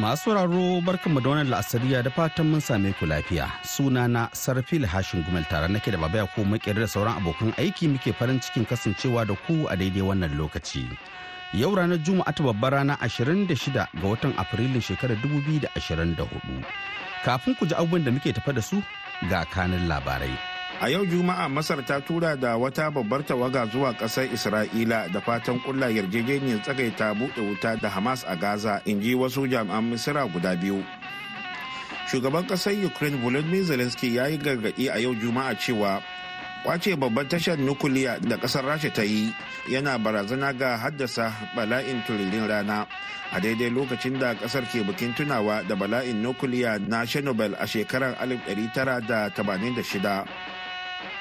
Masu sauraro mu da wannan la'asariya da fatan mun same ku lafiya. Suna Sunana Sarfil Hashin Gumel tare nake da baba ya ko makere da sauran abokan aiki muke farin cikin kasancewa da ku a daidai wannan lokaci. Yau ranar Juma'a ta babbar rana 26 ga watan Afrilun shekarar 2024. Kafin ku ji abubuwan da muke tafa da su ga kanin labarai. a yau juma'a masar ta tura da wata babbar tawaga zuwa ƙasar isra'ila da fatan kulla yarjejeniyar tsagaita buɗe wuta da hamas a gaza in ji wasu jami'an misira guda biyu shugaban ƙasar ukraine volodymyr zelensky ya yi gargaɗi a yau juma'a cewa kwace babban tashar nukuliya da ƙasar rasha ta yi yana barazana ga haddasa bala'in turirin rana a daidai lokacin da ƙasar ke bikin tunawa da bala'in nukuliya na chernobyl a shekarar 1986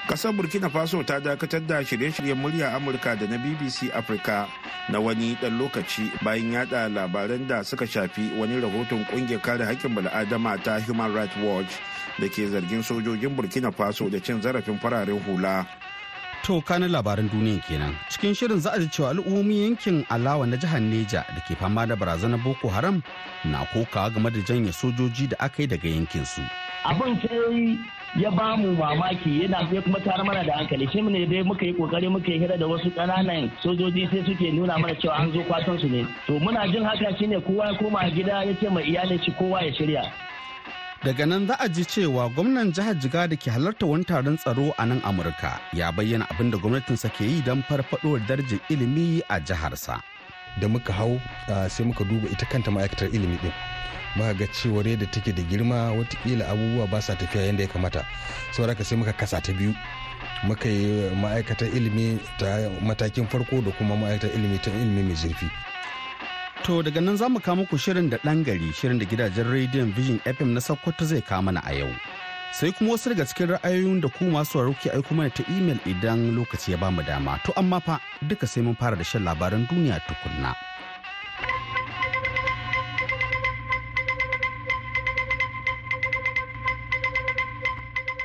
kasar burkina faso ta dakatar da shirye-shiryen murya amurka da na bbc afirka na wani dan lokaci bayan yada labaran da suka shafi wani rahoton kungiyar kare hakkin bala'adama ta human rights watch da ke zargin sojojin burkina faso da cin zarafin fararen hula to kana labaran duniya kenan cikin shirin za a ji cewa al'ummomin yankin alawa na jihar neja da ke fama da barazanar boko haram na kokawa game da janye sojoji da aka yi daga yankinsu. su abin sai ya ba mu mamaki yana ya kuma tara mana da hankali shi ne dai muka yi kokari muka yi hira da wasu kananan sojoji sai suke nuna mana cewa an zo kwatan su ne to muna jin haka ne kowa ya koma gida ya ce ma iyalin shi kowa ya shirya daga nan za a ji cewa gwamnan jihar jiga da ke halarta wani taron tsaro a nan amurka ya bayyana abin da gwamnatin sa ke yi don farfadowar darajar ilimi a jiharsa da muka hau ah, sai muka duba ita kanta ma'aikatar ilimi din muka ga cewar yadda take da girma watakila abubuwa ba sa tafiya yadda ya kamata saboda ka sai muka kasa ta biyu muka yi ma'aikatar ilimi ta matakin farko da kuma ma'aikatar ilimi ta ilimi mai zurfi to daga nan za mu kawo muku shirin da dan gari shirin da gidajen rediyon vision fm na sokoto zai kama mana a yau sai kuma wasu daga cikin ra'ayoyin da ku masu ke aiko mana ta imel idan lokaci ya bamu dama to amma fa duka sai mun fara da shan labaran duniya tukunna.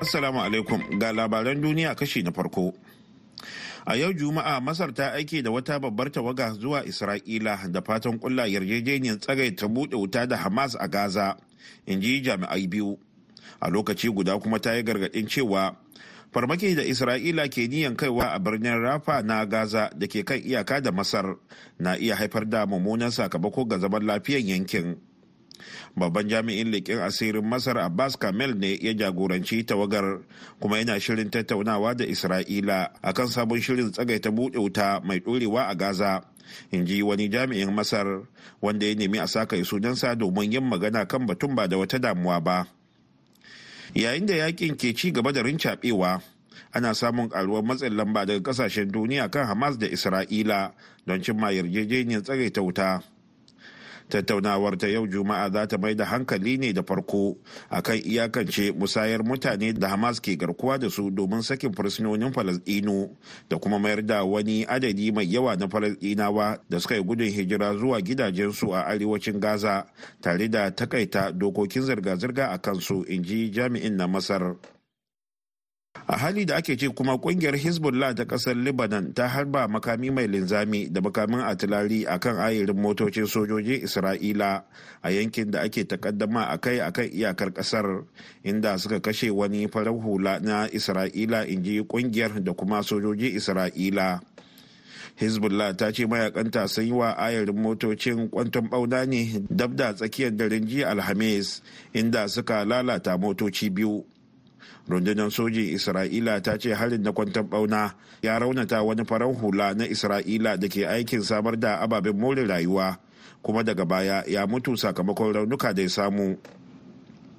Assalamu alaikum ga labaran duniya kashi na farko. A yau Juma'a Masar ta aike da wata babbar tawaga zuwa Isra'ila da fatan kulla yarjejeniyar tsagai ta buɗe wuta da Hamas a Gaza, in ji jami'ai biyu. A lokaci guda kuma ta yi gargaɗin cewa farmaki da Isra'ila ke niyan kaiwa a birnin Rafa na Gaza da ke kan iyaka da Masar na iya haifar da mummunan sakamako ga zaman lafiyar yankin. babban jami'in leƙen asirin masar abbas kamel ne ya jagoranci tawagar kuma yana shirin tattaunawa da isra'ila akan sabon shirin tsagaita buɗe wuta mai ɗorewa a gaza in ji wani jami'in masar wanda ya nemi a saka sunansa domin yin magana kan batun ba da wata damuwa ba yayin da yakin ke ci gaba da rincaɓewa ana samun karuwar matsin lamba daga kasashen duniya kan hamas da isra'ila don cimma yarjejeniyar tsagaita wuta tattaunawar ta yau juma'a za ta mai da hankali ne da farko akan iyakance musayar mutane da hamas ke garkuwa da su domin sakin fursunonin falasdino da kuma mayar da wani adadi mai yawa na falasdinawa da suka yi gudun hijira zuwa gidajensu a arewacin gaza tare da takaita dokokin zirga-zirga a kansu in ji jami'in na masar a hali da ake ce kuma kungiyar hezbollah ta kasar lebanon ta harba makami mai linzami da makamin atilari a kan ayarin motocin sojojin isra'ila a yankin da ake takaddama a kai a kan iyakar kasar inda suka kashe wani farar hula na isra'ila in ji kungiyar da kuma sojojin isra'ila hezbollah ta ce mayakanta sun yi wa ayarin motocin kwanton bauna ne dab da tsakiyar daren jiya alhamis inda suka lalata motoci biyu rundunar sojin isra'ila ta ce harin na kwantar bauna ya raunata wani farar hula na isra'ila da ke aikin samar da ababen more rayuwa kuma daga baya ya mutu sakamakon raunuka da ya samu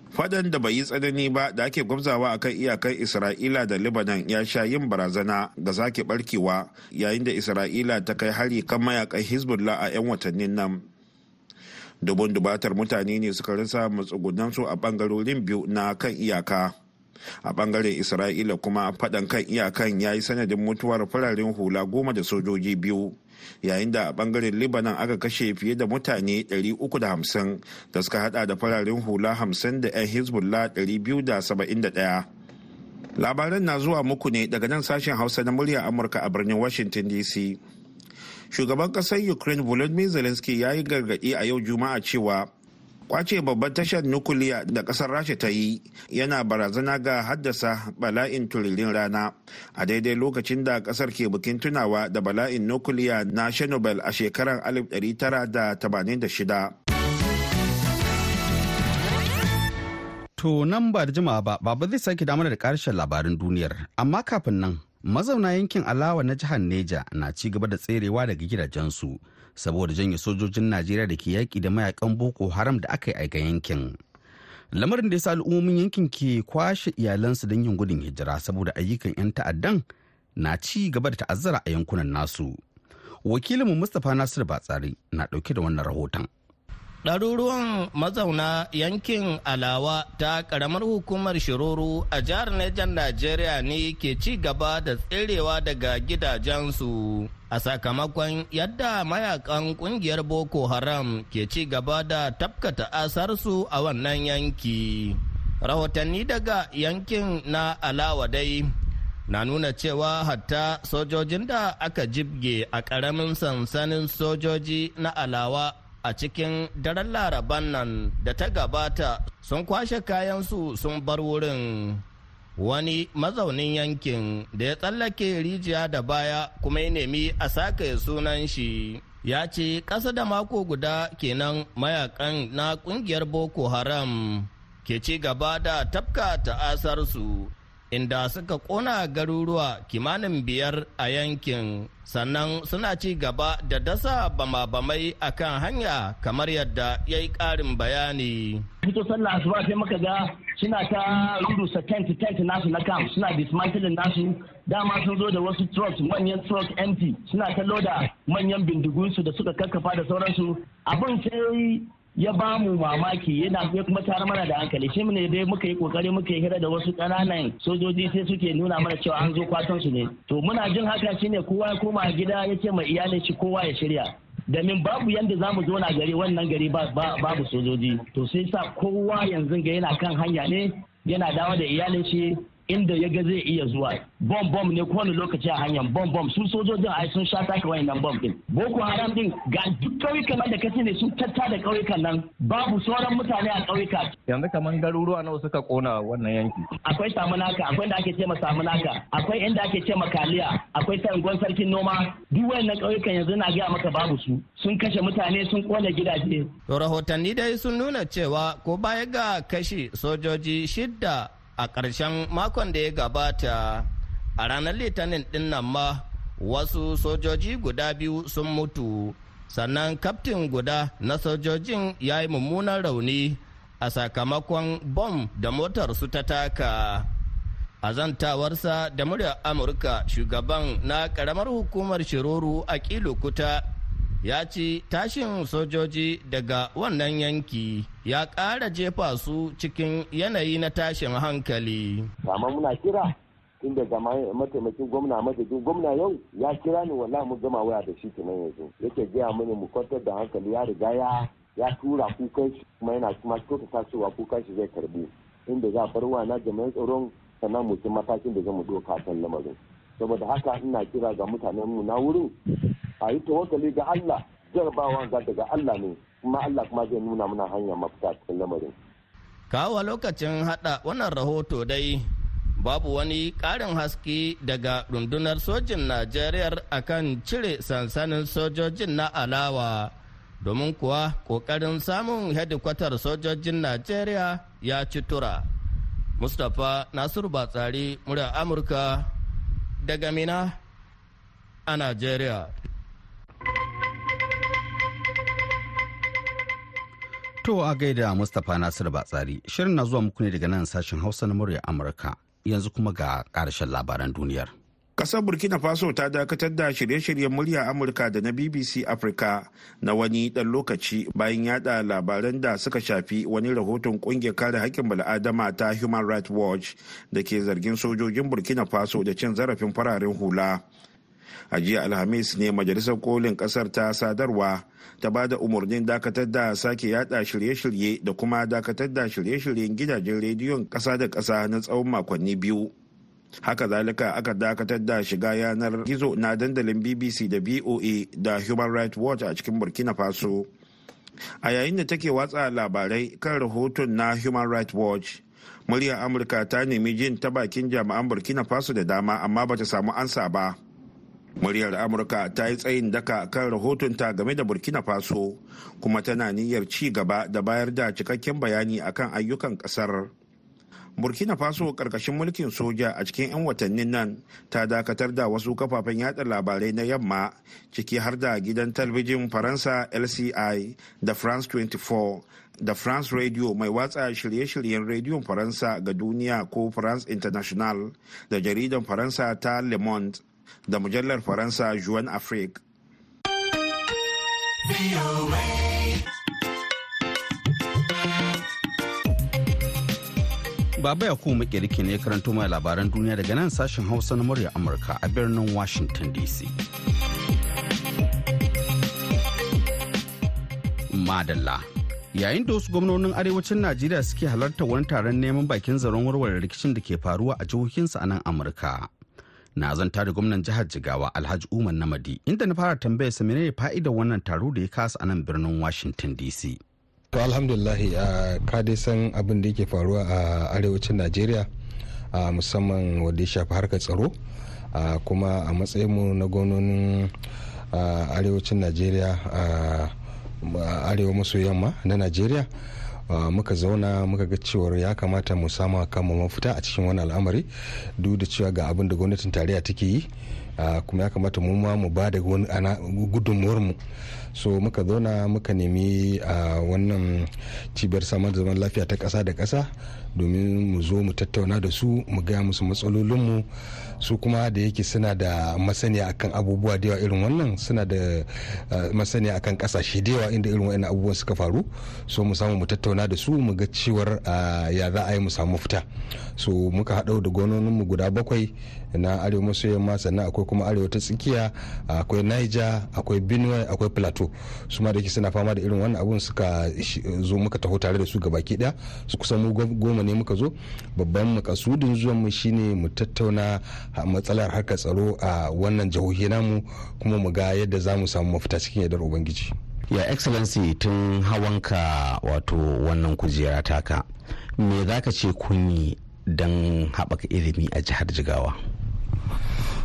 fadan da bai yi tsanani ba da ake gwamzawa akan iyakan isra'ila da libanan ya sha yin barazana ga sake barkewa yayin da isra'ila ta kai hari kan mayakan hezbollah a 'yan watannin nan dubun dubatar mutane ne suka rasa matsugunansu a bangarorin biyu na kan iyaka a bangaren isra'ila kuma faɗan kan iyakan ya yi sanadin mutuwar fararen hula goma da sojoji biyu yayin da a bangaren libanan aka kashe fiye da mutane 350 da suka hada da fararen hula 50 da 'yan hezbollah 271 labaran na zuwa muku ne daga nan sashen hausa na murya amurka a birnin washington dc shugaban kasar ukraine volodymyr zelensky ya yi gargadi a yau juma'a cewa kwace babban tashar nukuliya da kasar rasha ta yi yana barazana ga haddasa bala'in turilin rana a daidai lokacin da kasar ke bikin tunawa da bala'in nukuliya na shenobel a shekarar 1986 To nan ba da jimawa ba, baba zai sake damar da karshen labarin duniyar. Amma kafin nan, mazauna yankin alawa na jihar Neja na ci gaba da tserewa daga gidajensu. saboda janye sojojin najeriya da ke yaƙi da mayakan boko haram da aka yi a yankin lamarin da ya sa al'ummomin yankin ke kwashe iyalansu don yin gudun hijira saboda ayyukan 'yan ta'addan na ci gaba da ta'azzara a yankunan nasu wakilinmu mustapha nasir batsari na ɗauke da wannan rahoton Ɗaruruwan mazauna yankin Alawa ta ƙaramar hukumar Shiruru a jihar Nijar Najeriya ne ke ci gaba da tserewa daga gidajensu. A sakamakon yadda mayakan ƙungiyar Boko Haram ke ci gaba da tafkata asarsu a wannan yanki. Rahotanni daga yankin na Alawa dai na nuna cewa hatta sojojin da aka jibge a ƙaramin sansanin sojoji na alawa a cikin daren laraban nan da ta gabata sun kwashe kayansu sun bar wurin wani mazaunin yankin da ya tsallake rijiya da baya kuma ya nemi a sake sunan shi ya ce ƙasa da mako guda kenan mayakan na ƙungiyar boko haram ke ci gaba da tafka ta'asarsu inda suka kona garuruwa kimanin biyar a yankin sannan suna ci gaba da dasa bama-bamai a kan hanya kamar yadda ya yi ƙarin bayani. Fito sallah asuba sai muka ga suna ta sa tent tent nasu na kam suna dismantling nasu dama sun zo da wasu trucks manyan truck empty suna ta loda manyan bindigunsu da suka kakkafa da sauransu abin sai ya ba mu mamaki yana ya kuma tare mana da hankali shi ne dai muka yi kokari muka yi hira da wasu kananan sojoji sai suke nuna mana cewa an zo kwaton su ne to muna jin haka shi ne kowa ya koma gida ya ce mai iyalin shi kowa ya shirya da min babu yadda za mu na gari wannan gari babu sojoji to sai sa kowa yanzu ga yana kan hanya ne yana dawo da iyalin shi inda ya ga zai iya zuwa bom bom ne kowane lokaci a hanyar bom bom su sojojin ai sun sha taka nan bom din boko haram din ga duk kauyukan da kace ne sun tatta da kauyukan nan babu sauran mutane a kauyuka yanzu kaman garuruwa nawa suka kona wannan yanki akwai samunaka akwai da ake ce ma samunaka akwai inda ake ce ma kaliya akwai sangon sarkin noma duk wayannan kauyukan yanzu na gaya maka babu su sun kashe mutane sun kona gidaje rahotanni dai sun nuna cewa ko baya ga kashi sojoji shidda a ƙarshen makon da ya gabata a ranar litinin ɗin nan ma wasu sojoji guda biyu sun mutu sannan kaftin guda na sojojin ya yi mummunan rauni a sakamakon bom da motar su ta taka a zantawarsa da muryar amurka shugaban na ƙaramar hukumar shiruru a kilukuta ya ce tashin sojoji daga wannan yanki ya ƙara jefa su cikin yanayi na tashin hankali. Amma muna kira inda zama mataimakin gwamna madadin gwamna yau ya kira ni wala mu gama waya da shi kenan yanzu yake gaya mini mu kwantar da hankali ya riga ya ya tura kukan shi kuma yana kuma ta cewa kukan shi zai karbi inda za a bar wa na jami'an tsaron sannan mu matakin da zamu doka kan lamarin. saboda haka ina kira ga mutanen mu na wurin a yi tawakkali ga Allah jarabawa ga daga Allah ne kuma Allah kuma zai nuna muna hanyar mafita cikin lamarin kawo lokacin hada wannan rahoto dai babu wani karin haske daga rundunar sojin Najeriya akan cire sansanin sojojin na alawa domin kuwa kokarin samun hedikwatar sojojin Najeriya ya ci tura. Mustapha Nasiru Batsari, murya Amurka daga Mina a Najeriya. To a gaida Mustapha Nasiru Batsari, shirin na zuwa muku ne daga nan sashen Hausa na murya Amurka, yanzu kuma ga ƙarshen labaran duniyar. Ƙasar Burkina Faso ta dakatar da shirye-shiryen murya Amurka da na BBC Africa na wani dan lokaci bayan yada labaran da suka shafi wani rahoton kungiyar kare haƙƙin bal'adama ta Human Rights Watch da ke zargin sojojin Burkina Faso da cin zarafin fararen hula. A jiya Alhamis ne Majalisar Kolin kasar ta sadarwa ta ba da umarnin dakatar da sake yada shirye-shirye da kuma dakatar da shirye-shiryen gidajen rediyon kasa da kasa na tsawon makonni biyu. haka zalika aka dakatar da shiga yanar gizo na dandalin bbc da voa da human rights watch a cikin burkina faso a yayin da take watsa labarai kan rahoton na human rights watch muryar amurka ta nemi jin ta bakin jami'an burkina faso da dama amma bata samu ansa ba muryar amurka ta yi tsayin daka kan rahotonta game da burkina faso kuma tana niyyar ci gaba da bayar da cikakken bayani akan ayyukan kasar burkina faso karkashin mulkin soja a cikin 'yan watannin nan ta dakatar da wasu kafafen yada labarai na yamma ciki har da gidan talbijin faransa lci da france 24 da france radio mai watsa shirye-shiryen rediyon faransa ga duniya ko france international da jaridan faransa ta le monde da mujallar faransa juan afrique Baba Yakubu Makiriki ne karanto mai labaran duniya daga nan sashen Hausa na murya Amurka a birnin Washington DC. Madalla. Yayin da wasu gwamnonin arewacin Najeriya suke halartar wani taron neman bakin zaron warware rikicin da ke faruwa a jihohinsu a nan Amurka. Na zanta da gwamnan jihar Jigawa Alhaji Umar Namadi inda na fara tambayar sa menene fa'idar wannan taro da ya kasa a nan birnin Washington DC. to alhamdulillahi ka dai san abin da yake faruwa a arewacin najeriya musamman wanda ya shafi harkar tsaro kuma a matsayinmu na gwamnonin arewacin najeriya arewa maso yamma na najeriya muka zauna muka ga cewar ya kamata mu sama kama mafita a cikin wani al'amari duk da cewa ga abin da gwamnatin tarayya take yi kuma ya kamata mu ma mu ba da gudunmuwar mu so muka zauna muka nemi a wannan cibiyar samar da zaman lafiya ta kasa da kasa domin mu zo mu tattauna da su mu gaya musu matsalolinmu su kuma da yake suna da masaniya akan abubuwa da yawa irin wannan suna da masaniya akan kasashe da yawa inda irin wani abubuwan suka faru so mu samu mu tattauna da su mu ga cewar ya za a yi mu samu fita so muka haɗau da mu guda bakwai na arewa maso yamma sannan akwai kuma arewa ta tsakiya akwai niger akwai benue akwai plateau su ma da ke suna fama da irin wannan abun suka zo muka taho tare da su gabaki daya su kusan mu goma ne muka zo babban makasudin zuwan mu shine mu tattauna matsalar harkar tsaro a wannan jihohi namu kuma mu ga yadda za mu samu mafita cikin yadda ubangiji ya excellency tun hawanka wato wannan kujera taka me za ka ce kunyi don haɓaka ilimi a jihar jigawa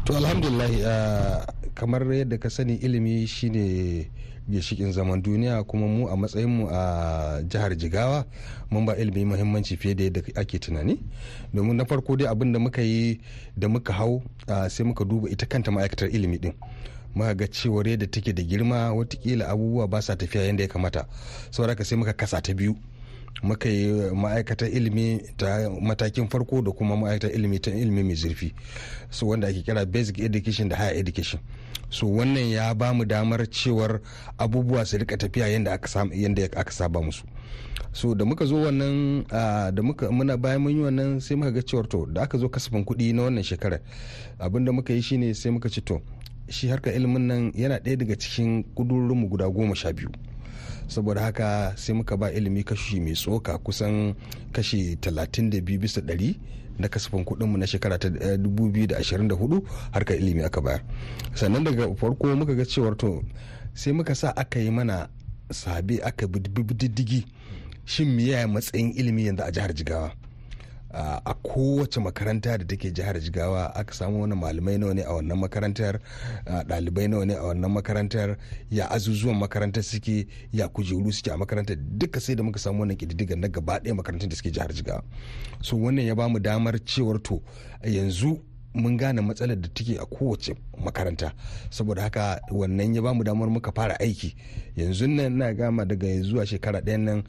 to alhamdulillah uh, kamar yadda ka sani ilimi shine gishikin zaman duniya kuma mu a matsayinmu a jihar jigawa mun ba ilimi muhimmanci fiye da yadda ake tunani domin na farko dai abin da muka yi da muka hau uh, sai muka duba ita kanta ma'aikatar ilimi din muka ga cewar yadda take da girma watakila abubuwa ba sa tafiya yadda ya kamata saboda sai muka kasa ta biyu muka yi ma'aikatar ilimi ta matakin farko da kuma ma'aikatar ilimi ta ilimi mai zurfi su wanda ake kira basic education da higher education so wannan ya ba mu damar cewar abubuwa su rika tafiya yadda aka saba musu so da muka zo wannan da muka muna bayan mun yi wannan sai muka ga cewar to da aka zo kasafin kuɗi na wannan shekarar abinda muka yi shine sai muka ci to shi harkar ilimin nan yana ɗaya daga cikin ƙudurinmu guda goma sha biyu saboda haka sai muka ba ilimi kashi mai tsoka kusan kashi 32 bisa na kasafin kuɗinmu na shekara ta 2024 eh, harkar ilimi aka bayar sannan daga farko muka ga cewar to sai muka sa aka yi mana sabe aka bi diddigi shin miya matsayin ilimi yanzu a jihar jigawa a kowace makaranta da take jihar jigawa aka samu wani malamai nawa ne a wannan makarantar ɗalibai nawa ne a wannan makarantar ya azuzuwan makarantar suke ya kujeru suke a makarantar duka sai da muka samu wannan kididdigar na gaba ɗaya makarantar da suke jihar jigawa so wannan ya bamu damar cewar to yanzu mun gane matsalar da take a kowace makaranta saboda haka wannan ya bamu damar muka fara aiki yanzu nan na gama daga zuwa shekara ɗayan nan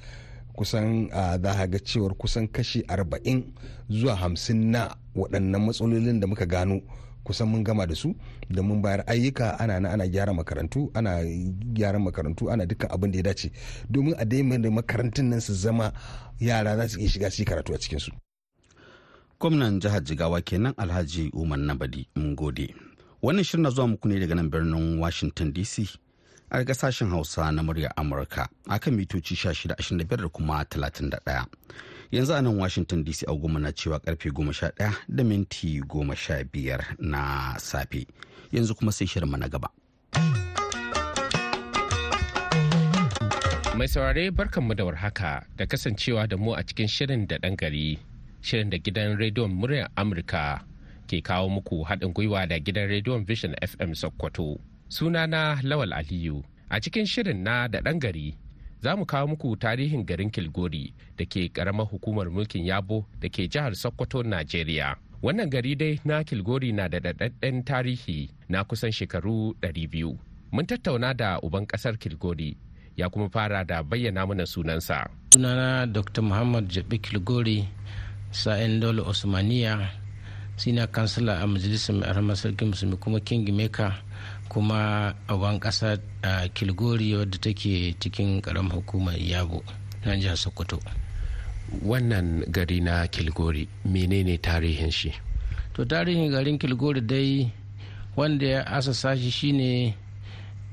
kusan za ga cewar kusan kashi 40 zuwa hamsin na waɗannan matsalolin da muka gano kusan mun gama da su da mun bayar ayyuka ana na ana gyara makarantu ana gyara makarantu ana dukkan abin da ya dace domin a daimar da makarantun nan su zama yara za su iya shiga su karatu a cikinsu. gwamnan jihar jigawa kenan alhaji umar nabadi mun gode wannan shirin na zuwa muku ne daga nan birnin washington dc a ga sashen Hausa na muryar Amurka akan mitoci 1625 da kuma 31. Yanzu a nan Washington DC agoma na cewa karfe 11 da minti 15 na safe. Yanzu kuma sai shirma na gaba. Mai saurare barkanmu da warhaka da kasancewa da mu a cikin shirin da ɗan gari, shirin da gidan rediyon muryar Amurka ke kawo muku haɗin gwiwa da gidan rediyon Vision FM Sokoto. sunana Lawal Aliyu. A cikin shirin na da ɗan gari za mu kawo muku tarihin garin Kilgori da ke ƙaramar hukumar mulkin Yabo da ke jihar Sokoto, Najeriya. Wannan gari dai na Kilgori na da daɗaɗɗen tarihi na kusan shekaru 200. Mun tattauna da uban ƙasar Kilgori ya kuma fara da bayyana mana sunansa. Sunana Dr. Muhammad Jabi Kilgori, sa'in dole Osmaniya, sina kansala a majalisar mai arama sarki musulmi kuma King Maker kuma a wan ƙasa a kilgori wadda take cikin ƙaramar hukumar yabo na jihar sokoto wannan gari na kilgori menene tarihin shi to tarihin garin kilgori dai wanda ya asasa shi shine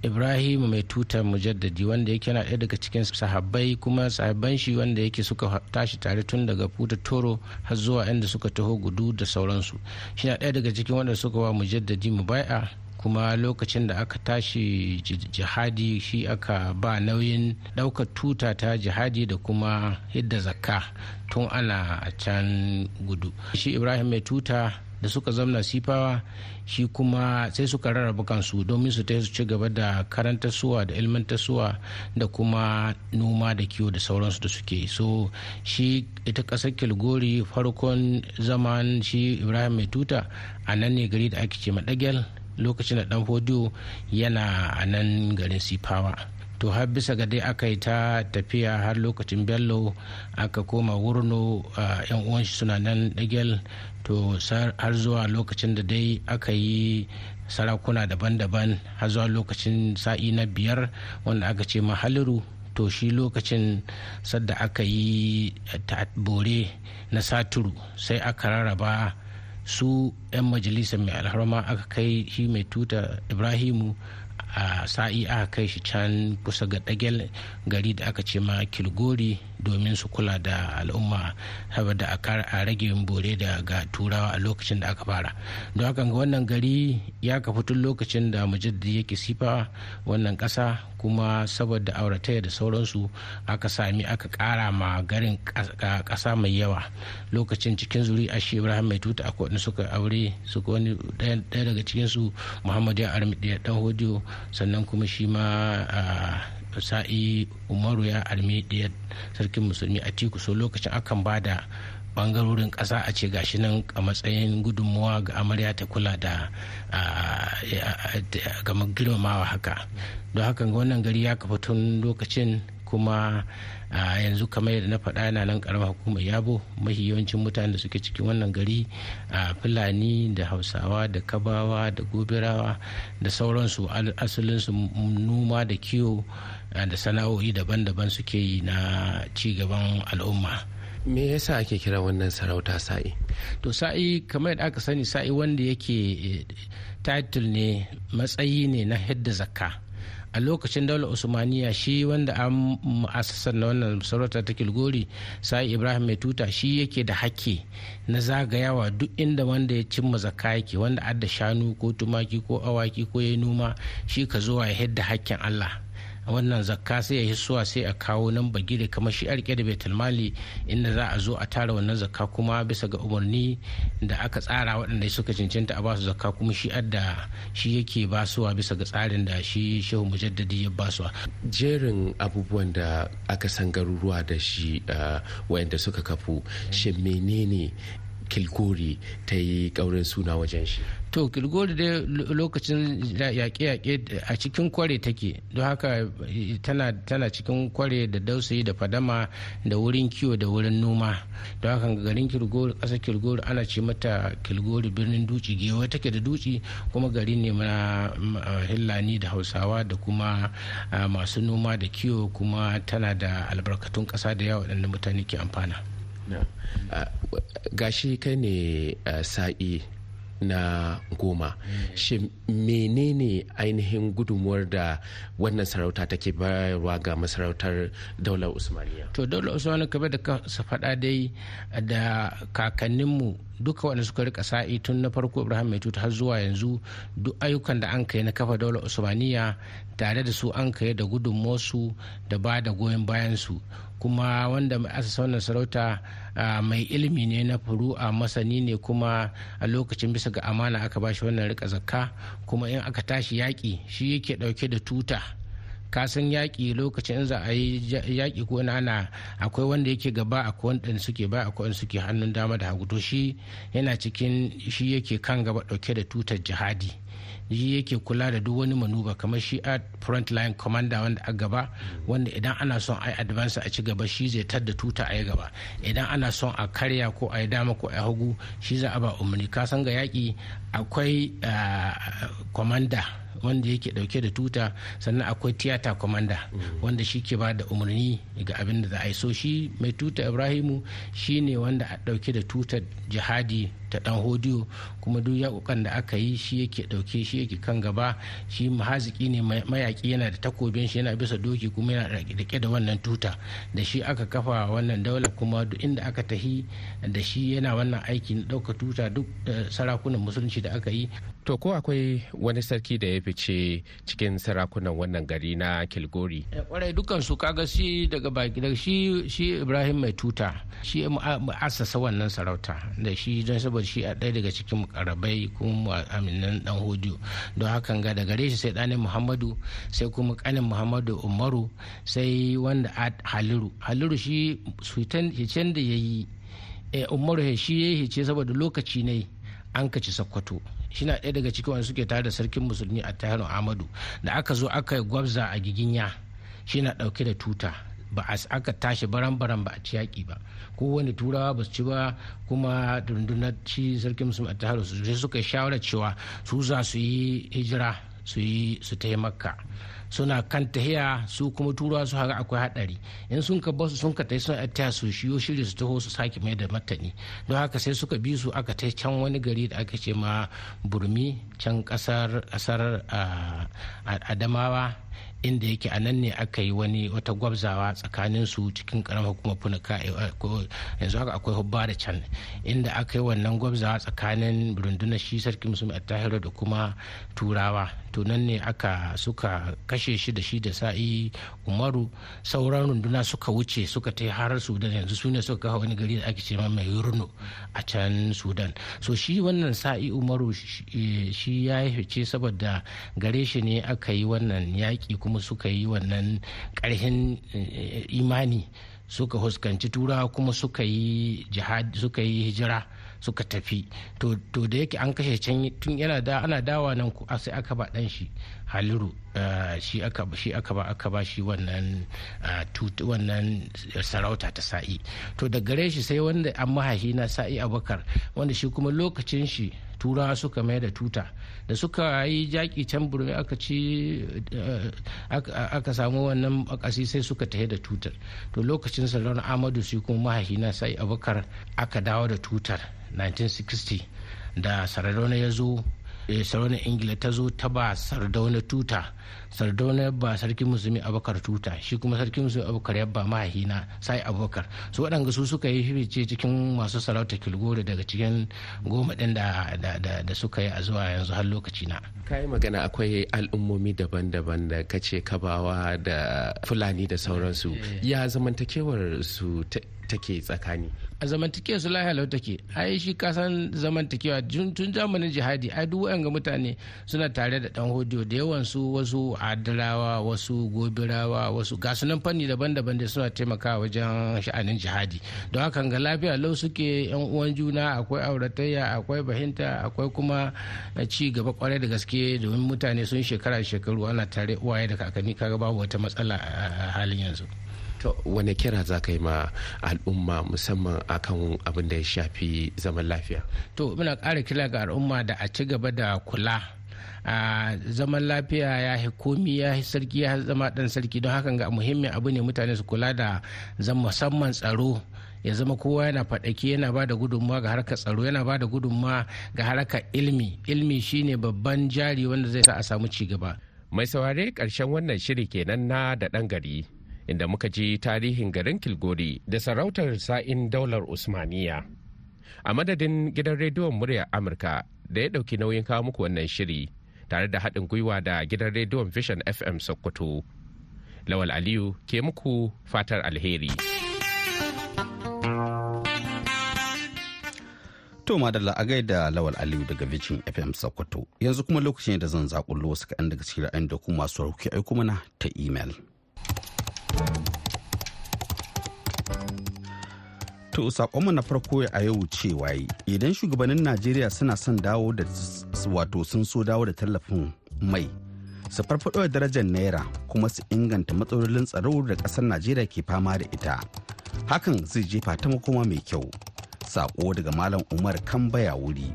ibrahim mai tutar mujaddadi wanda yake na ɗaya daga cikin sahabbai kuma sahabban shi wanda yake suka tashi tare tun daga puta toro har zuwa inda suka taho gudu da sauransu shi na ɗaya daga cikin wanda suka wa mujaddadi mu mubai'a kuma lokacin da aka tashi jihadi shi aka ba nauyin ɗaukar tuta ta jihadi da kuma hidda zakka tun ana a can gudu shi ibrahim mai tuta da suka zamna sifawa shi kuma sai suka rarraba kansu domin su ta su ci gaba da suwa da suwa da kuma noma da kiwo da sauransu da suke so shi ita kasar kilgori farkon zaman shi ibrahim mai tuta a nan ne gari da ake ce madagel lokacin da dan fodiyo yana a nan garin sifawa to har bisa ga dai aka yi ta tafiya har lokacin bello aka koma wurno yan uwan shi suna nan dagel to har zuwa lokacin da dai aka yi sarakuna daban-daban har zuwa lokacin sa'i na biyar wanda aka ce mahaliru to shi lokacin sadda aka yi bore na saturu sai aka rarraba su 'yan majalisar mai alharma aka kai shi mai tuta ibrahimu a sa'i aka kai shi can kusa ga dagel gari da aka ce ma kilgori domin su kula da al'umma saboda a rage bore da ga turawa a lokacin da aka fara don haka ga wannan gari ya kafu tun lokacin da mujaddadi yake sifa wannan kasa kuma saboda aurataya da sauransu aka sami aka kara ma garin kasa mai yawa lokacin cikin zuri a shi ibrahim mai tuta a kodin suka aure suka wani daya daga cikinsu muhammadu ya armi ɗaya dan hodiyo sannan kuma shi ma ah, sa'i umaru ya armi ɗaya sarkin musulmi a tiku so lokacin akan ba da bangarorin ƙasa a ce gashi nan a matsayin gudunmuwa ga amarya ta kula da gama girmamawa haka don haka wannan gari ya kafa tun lokacin kuma a yanzu kamar yadda na faɗa yana nan karamar hukumar yabo mahi yawancin mutane da suke cikin wannan gari a fulani da hausawa da kabawa da gobirawa da sauransu asalinsu noma da kiwo Eh, da sana'o'i daban-daban suke yi na ci gaban al'umma me yasa ake kira wannan sarauta sa'i to sa'i kamar yadda aka sani sa'i wanda yake eh, title ne matsayi ne na hidda zakka a lokacin daular usmaniya shi wanda an mu'assasar na wannan sarauta ta kilgori sai ibrahim mai tuta shi yake da haƙƙi na zagayawa duk inda wanda ya cimma zakka yake wanda adda shanu ko tumaki ko awaki ko ya noma shi ka zuwa ya hidda hakkin allah wannan zakka sai ya yi suwa sai a kawo nan bagire kamar shi arke da baitul inda za a zo a tara wannan zakka kuma bisa ga umarni da aka tsara waɗanda suka cancanta a basu zakka kuma shi adda shi yake basuwa bisa ga tsarin da shi shehu mujaddadi ya basuwa jerin abubuwan da aka san garuruwa da shi eh, wayanda suka kafu shin menene kilgori ta yi ƙaurin suna wajen shi to kilgori dai lokacin yaƙe-yaƙe a cikin kware take don haka eh, tana cikin kware da dausayi da fadama da wurin kiwo da wurin noma don haka garin kilgori ƙasa kilgori ana ce mata kilgori birnin duci gewa take da duci kuma gari ne na eh, hillani da hausawa da kuma eh, masu noma da kiwo kuma tana da albarkatun ƙasa da yawa waɗanda mutane ke amfana. Uh, gashi kai ne uh, sa'i na goma mm. shi menene ainihin gudunmuwar da wannan sarauta take bayarwa ga masarautar daular usmaniya to daular usmaniya kamar da ka faɗa dai da kakanninmu duka wanda suka rika sa'i tun na farko ibrahim mai tuta har zuwa yanzu duk ayyukan da an kai na kafa daular usmaniya tare da su an kai da gudunmosu da ba da goyon bayansu kuma wanda mai asasa sarauta mai ilimi ne na furu'a masani ne kuma a lokacin bisa ga amana aka bashi wannan rika zakka kuma in aka tashi yaƙi shi yake ɗauke da tuta kasan yaƙi lokacin za a yi yaƙi ko ana akwai wanda yake gaba akwai wanda suke ba akwai wanda suke hannun dama da hagu to shi yana cikin shi yake kan gaba ɗauke da tutar jihadi shi yake kula da duk wani manuba kamar shi a front line commander wanda a gaba wanda idan ana son ai advance a ci gaba shi zai da tuta a gaba idan ana son a karya ko a yi dama ko a hagu shi za a ba umarni ka san ga yaki akwai commander wanda yake dauke da tuta sannan akwai tiyata komanda wanda shi ke ba da umarni ga abin da za a yi so shi mai tuta ibrahimu shi ne wanda a dauke da tutar jihadi ta dan hodiyo kuma duk yakukan da aka yi shi yake dauke shi yake kan gaba shi mahaziki ne mayaki yana da takobin shi yana bisa doki kuma yana rike da wannan tuta da shi aka kafa wannan daular kuma duk inda aka tahi da shi yana wannan aiki na dauka tuta duk sarakunan musulunci da aka yi to ko akwai wani sarki da ya fice cikin sarakunan wannan gari na kilgori kwarai eh, dukkan su kaga shi daga baki daga shi shi ibrahim mai tuta shi asasa wannan sarauta da shi don saboda shi a ɗaya daga cikin rabai kuma aminan dan hojo don hakan ga da gare shi sai ɗanin muhammadu sai kuma kanin muhammadu umaru sai wanda haliru haliru shi hicen da ya yi eh, umaru shi ya hice saboda lokaci ne an kaci shi shina ɗaya daga cikin wanda suke tare da sarkin musulmi a tahiru amadu da aka zo aka gwabza a giginya shi shina ɗauke da tuta ba a aka tashi baran-baran ba a ci yaƙi ba wani turawa ba su ci ba kuma dundunar ci sarki musulmi a su suka shawara cewa su za su yi hijira su yi su ta makka suna kan tahiya su kuma turawa su haka akwai hadari in sun ka basu sun ka tai sun attaya su shiyo shirya su taho su sake mai da matani don haka sai suka bi su aka tai can wani gari da aka ce ma burmi can kasar kasar ah, adamawa inda yake a nan ne aka yi wani wata gwabzawa tsakanin su cikin karamar hukumar funuka eh, yanzu haka akwai hubba da can inda aka yi wannan gwabzawa tsakanin rundunar shi sarki musulmi attahiru da kuma turawa to nan ne aka suka kashe shi da shi da sa'i umaru sauran runduna suka wuce suka ta har sudan yanzu su ne suka kawo wani gari da ake ce mai yurno a can sudan so shi wannan sa'i umaru shi ya yi fice saboda gare shi ne aka yi wannan yaƙi yaƙi kuma suka yi wannan ƙarhin eh, imani suka huskanci tura kuma suka yi jihad suka yi hijira suka tafi to da yake an kashe can tun yana da ana dawa nan sai aka ba dan shi haliru eh, shi aka shi aka ba aka ba shi wannan eh, wannan sarauta ta sa'i to da gare shi sai wanda an mahashi na sa'i abubakar wanda shi kuma lokacin shi turawa suka mai da tuta da suka yi jaki can burmi aka ci eh, aka samu wannan akasi sai suka tahe da tutar to lokacin salon amadu shi kuma na sai abubakar aka dawo da tutar 1960 da sararona ya zo Eh, sarauniyar ingila ta zo ta ba sardauna tuta sardauna ba sarki musulmi abakar tuta shi kuma sarki musulmi abakar ya ba mahina sai abakar su waɗanda su suka yi fice cikin masu sarauta kilgore daga cikin goma ɗin da suka yi a zuwa yanzu har lokaci na kayi magana akwai al'ummomi daban-daban da kace kabawa da fulani da sauransu eh. ya zamantakewar su take tsakani a zamantake su lahiya lau take ai shi kasan zamantakewa tun zamanin jihadi ai duk ga mutane suna tare da dan hodiyo da yawan su wasu adarawa wasu gobirawa wasu nan fanni daban-daban da suna taimakawa wajen sha'anin jihadi don hakan ga lafiya lau suke yan uwan juna akwai auratayya akwai bahinta akwai kuma eh, ci gaba kwarai da gaske domin mutane sun shekara shekaru ana tare uwaye da kakanni kaga babu wata matsala a halin yanzu to wani kira za ka yi ma al'umma musamman akan abin da ya shafi zaman lafiya to muna ƙara kira ga al'umma da a ci gaba da kula a zaman lafiya ya yi komi ya yi sarki ya zama dan sarki don hakan ga muhimmin abu ne mutane su kula da zan musamman tsaro ya zama kowa yana faɗaki yana ba da gudunmawa ga harkar tsaro yana ba da gudunmawa ga harkar ilmi ilmi shine babban jari wanda zai sa a samu ci gaba mai saurare ƙarshen wannan shiri kenan na da ɗan gari inda muka ji tarihin garin kilgori da sarautar sa'in daular usmaniya a madadin gidan rediyon muryar amurka da ya ɗauki nauyin kawo muku wannan shiri tare da haɗin gwiwa da gidan rediyon vision fm sokoto lawal aliyu ke muku fatar alheri To madalla a gaida lawal aliyu daga vision fm sokoto yanzu kuma lokacin da zan zaƙullo wasu kaɗan daga cikin ra'ayin da kuma masu aiko mana ta imel. To sakonmu na farko a yau cewa idan shugabannin Najeriya suna son dawo da wato sun so dawo da tallafin mai su farfaɗo da darajar naira kuma su inganta matsalolin tsaro da ƙasar Najeriya ke fama da ita. Hakan zai jefa ta makoma mai kyau. Sako daga Malam Umar kan baya wuri.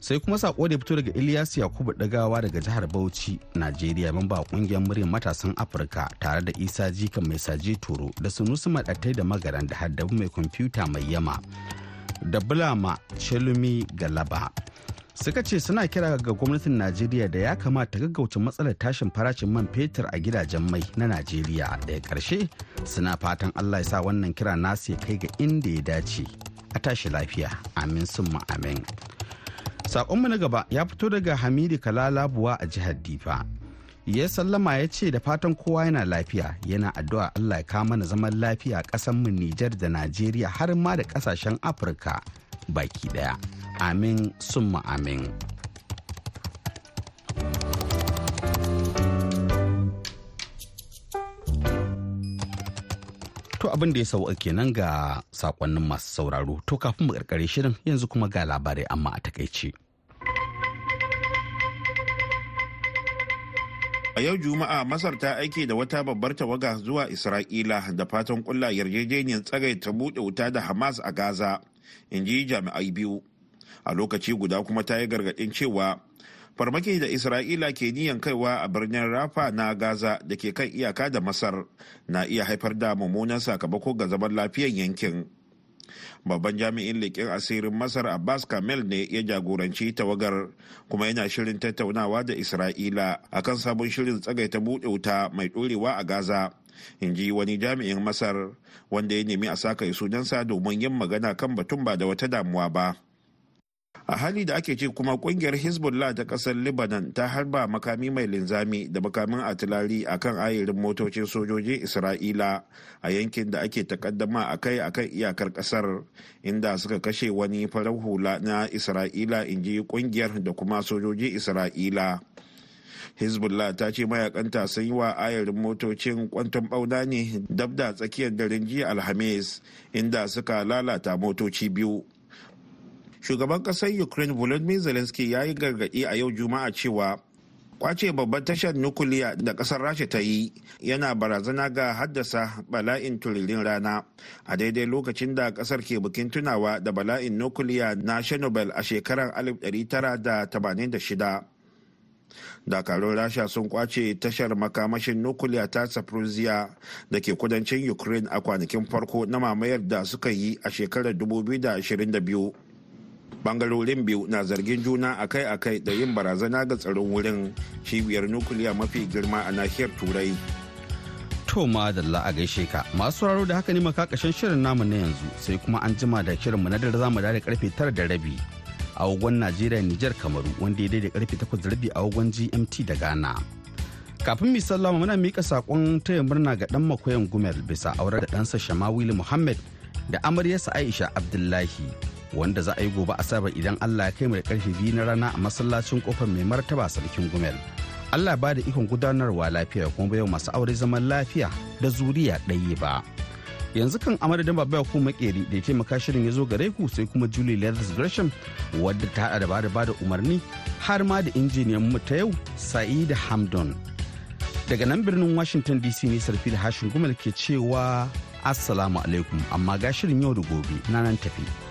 sai kuma sako da fito daga ilyas yakubu dagawa daga jihar bauchi najeriya mamba kungiyar muryar matasan afirka tare da isa jikan mai saje toro da sunusu madattai da magaran da haddabu mai kwamfuta mai yama da bulama chelumi galaba suka ce suna kira ga gwamnatin najeriya da ya kamata gaggauta matsalar tashin farashin man fetur a gidajen mai na najeriya daga karshe suna fatan allah ya sa wannan kira nasu ya kai ga inda ya dace a tashi lafiya amin summa amin Sakonmu na gaba ya fito daga Hamidu Kalalabuwa a jihar Difa. Ya sallama ya ce da fatan kowa yana lafiya yana addu'a Allah ya kama na zaman lafiya a mu Nijar da Najeriya har ma da ƙasashen Afirka baki ɗaya. Amin summa amin. abin da ya sauka kenan ga sakonnin masu sauraro to kafin mu karkare shirin yanzu kuma ga labarai amma a takaice. A yau Juma'a Masar ta aike da wata babbar tawaga zuwa Isra'ila da fatan kulla yarjejeniyar tsagai ta buɗe wuta da Hamas a Gaza, in ji jami'ai biyu. A lokaci guda kuma ta yi gargaɗin cewa farmaki da isra'ila ke niyan kaiwa a birnin rafa na gaza da ke kan iyaka da masar na iya haifar da mummunan sakamako ga zaman lafiyan yankin babban jami'in leƙen asirin masar abbas kamel ne ya jagoranci tawagar kuma yana shirin tattaunawa da isra'ila akan sabon shirin tsagaita buɗe wuta mai ɗorewa a gaza in ji wani jami'in masar wanda ya nemi a sa kai sunansa domin yin magana kan batun ba da wata damuwa ba a hali da ake ce kuma kungiyar hezbollah ta kasar lebanon ta harba makami mai linzami da makamin atilari a kan ayarin motocin sojojin isra'ila a yankin da ake takaddama a kai a kan iyakar kasar inda suka kashe wani farar hula na isra'ila in ji kungiyar da kuma sojojin isra'ila hezbollah ta ce mayakanta sun yi wa ayarin motocin kwanton bauna ne dab da tsakiyar daren jiya alhamis inda suka lalata motoci biyu shugaban kasar ukraine volodymyr zelensky ya yi gargadi a yau juma'a cewa kwace babban tashar nukuliya da kasar rasha ta yi yana barazana ga haddasa bala'in turirin rana a daidai lokacin da kasar ke bikin tunawa da bala'in nukuliya na chernobyl a shekarar 1986 dakarun rasha sun kwace tashar makamashin nukuliya ta saprozia da ke kudancin ukraine a kwanakin farko na mamayar da suka yi a shekarar 2022 bangarorin biyu na zargin juna akai-akai da yin barazana ga tsaron wurin cibiyar nukiliya mafi girma a nahiyar turai to madalla a gaishe ka masu raro da haka ne makakashin shirin namu na yanzu sai kuma an jima da shirin mu na dare zamu dare karfe tara da rabi a wagon najeriya nijar kamaru wanda ya daidai karfe 8 da rabi a wagon gmt da ghana kafin mi sallama muna mika sakon taya murna ga dan makoyan gumel bisa aure da ɗansa shamawili muhammad da amaryarsa aisha abdullahi wanda za a yi gobe asabar idan Allah ya kai mu da karfe biyu na rana a masallacin kofar mai martaba sarkin gumel. Allah ba da ikon gudanarwa lafiya kuma bayan masu aure zaman lafiya da zuriya ɗaya ba. Yanzu kan da babaya ko makeri da ya taimaka shirin ya zo gare ku sai kuma Julie Leathers Gresham wadda ta hada da bada bada umarni har ma da injiniyan mu ta yau saida Hamdon. Daga nan birnin Washington DC ne da hashin gumel ke cewa Assalamu alaikum amma ga shirin yau da gobe na nan tafi.